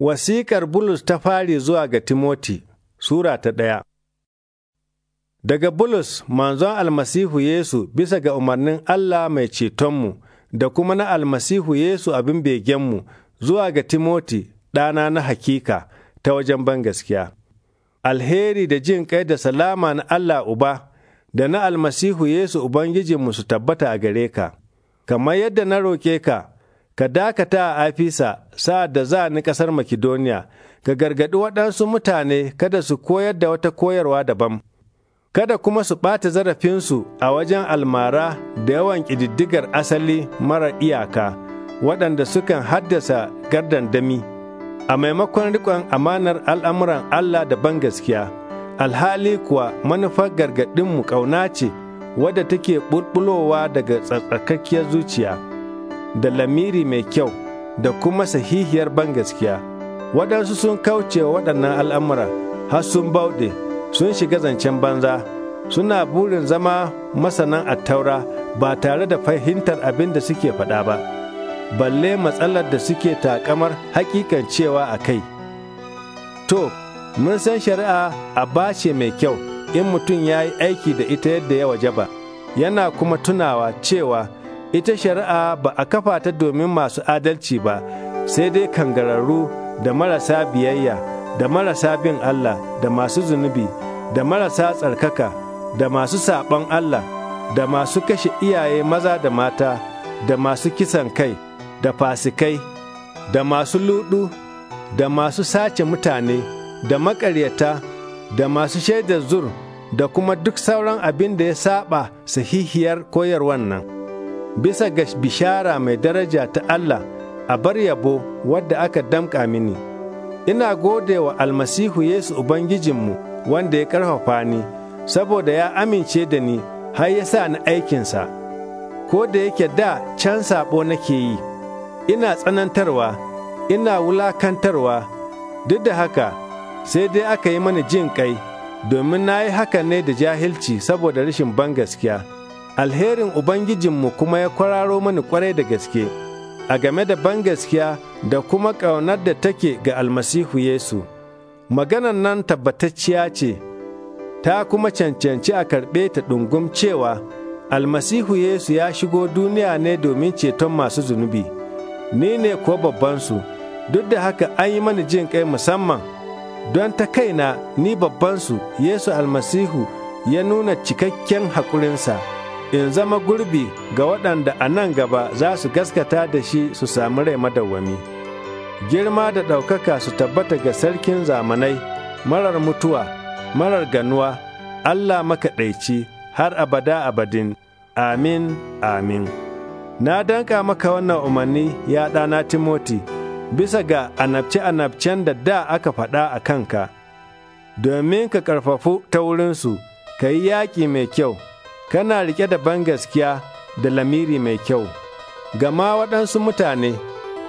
Wasikar Bulus ta fari zuwa ga Timoti, Sura ta ɗaya Daga Bulus, manzon almasihu Yesu bisa ga umarnin Allah mai cetonmu da kuma na almasihu Yesu abin begenmu zuwa ga Timoti ɗana na hakika ta wajen ban gaskiya. Alheri da jin kai da salama na Allah Uba da na almasihu Yesu Ubangijinmu su tabbata a gare ka, kamar yadda na roke ka. ka dakata a afisa sa'ad da za ni ƙasar Makedoniya, ka gargaɗi waɗansu mutane kada su koyar da wata koyarwa daban, kada kuma su ɓata zarafinsu a wajen almara da yawan ƙididdigar asali marar iyaka, waɗanda sukan haddasa gardandami, a maimakon riƙon amanar al'amuran Allah da ban gaskiya. alhali kuwa manufar gargaɗinmu ƙauna ce wadda take ɓulɓulowa daga tsattsakakkiyar zuciya. da lamiri mai kyau da kuma sahihiyar gaskiya. waɗansu sun kauce waɗannan al'amura har sun bauɗe sun shiga zancen banza suna burin zama masanan attaura ba tare da fahimtar abin da suke faɗa ba balle matsalar da suke taƙamar hakikan cewa a kai to mun san shari'a a bace mai kyau in mutum ya yi aiki da ita yadda ya waje ba. yana kuma tunawa cewa ita shari'a ba a kafa ta domin masu adalci ba sai dai kangararru da marasa biyayya da marasa bin Allah da masu zunubi da marasa tsarkaka da masu saɓon Allah da masu kashe iyaye maza da mata da masu kisan kai da fasikai da masu ludu da masu sace mutane da maƙaryata da masu shaidar zur da kuma duk sauran abin da ya saba sahihiyar koyarwar nan. bisa ga bishara mai daraja ta Allah a bar yabo wadda aka damƙa mini. Ina gode wa almasihu Yesu Ubangijinmu wanda ya ƙarfafa ni, saboda ya amince da ni har ya sa ni aikinsa, ko da yake da can saɓo nake yi, ina tsanantarwa, ina wulakantarwa, duk da haka sai dai aka yi mani jin ƙai, domin na yi haka ne da jahilci saboda rashin bangaskiya. gaskiya. alherin Ubangijinmu kuma ya kwararo mani kwarai da gaske, a game da bangaskiya da kuma ƙaunar da take ga almasihu Yesu. Maganan nan tabbatacciya ce, ta kuma cancanci a karɓe ta ɗungum cewa almasihu Yesu ya shigo duniya ne domin ceton masu zunubi, ni ne kuwa babbansu, duk da haka an yi mani jin kai musamman, don ta kaina ni babbansu Yesu almasihu ya nuna cikakken haƙurinsa. in zama gurbi ga waɗanda a nan gaba za su gaskata da shi su sami rai madawwami. Girma da ɗaukaka su tabbata ga sarkin zamanai, marar mutuwa, marar ganuwa, Allah makaɗaici har abada abadin, amin, amin. Na danka maka wannan umarni ya ɗana Timoti, bisa ga anabce-anabcen da da aka faɗa a kanka, domin ka ƙarfafu ta wurinsu, ka yi yaƙi mai kyau. kana rike da ban gaskiya da lamiri mai kyau, gama waɗansu mutane,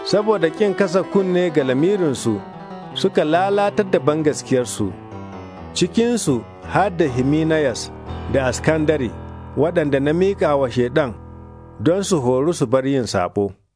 saboda ƙin kasa kunne ga lamirinsu, suka lalatar da ban bangaskiyarsu, cikinsu har da Himinayas da Askandari, waɗanda na miƙa wa Shaiɗan don su horu su bar yin saɓo.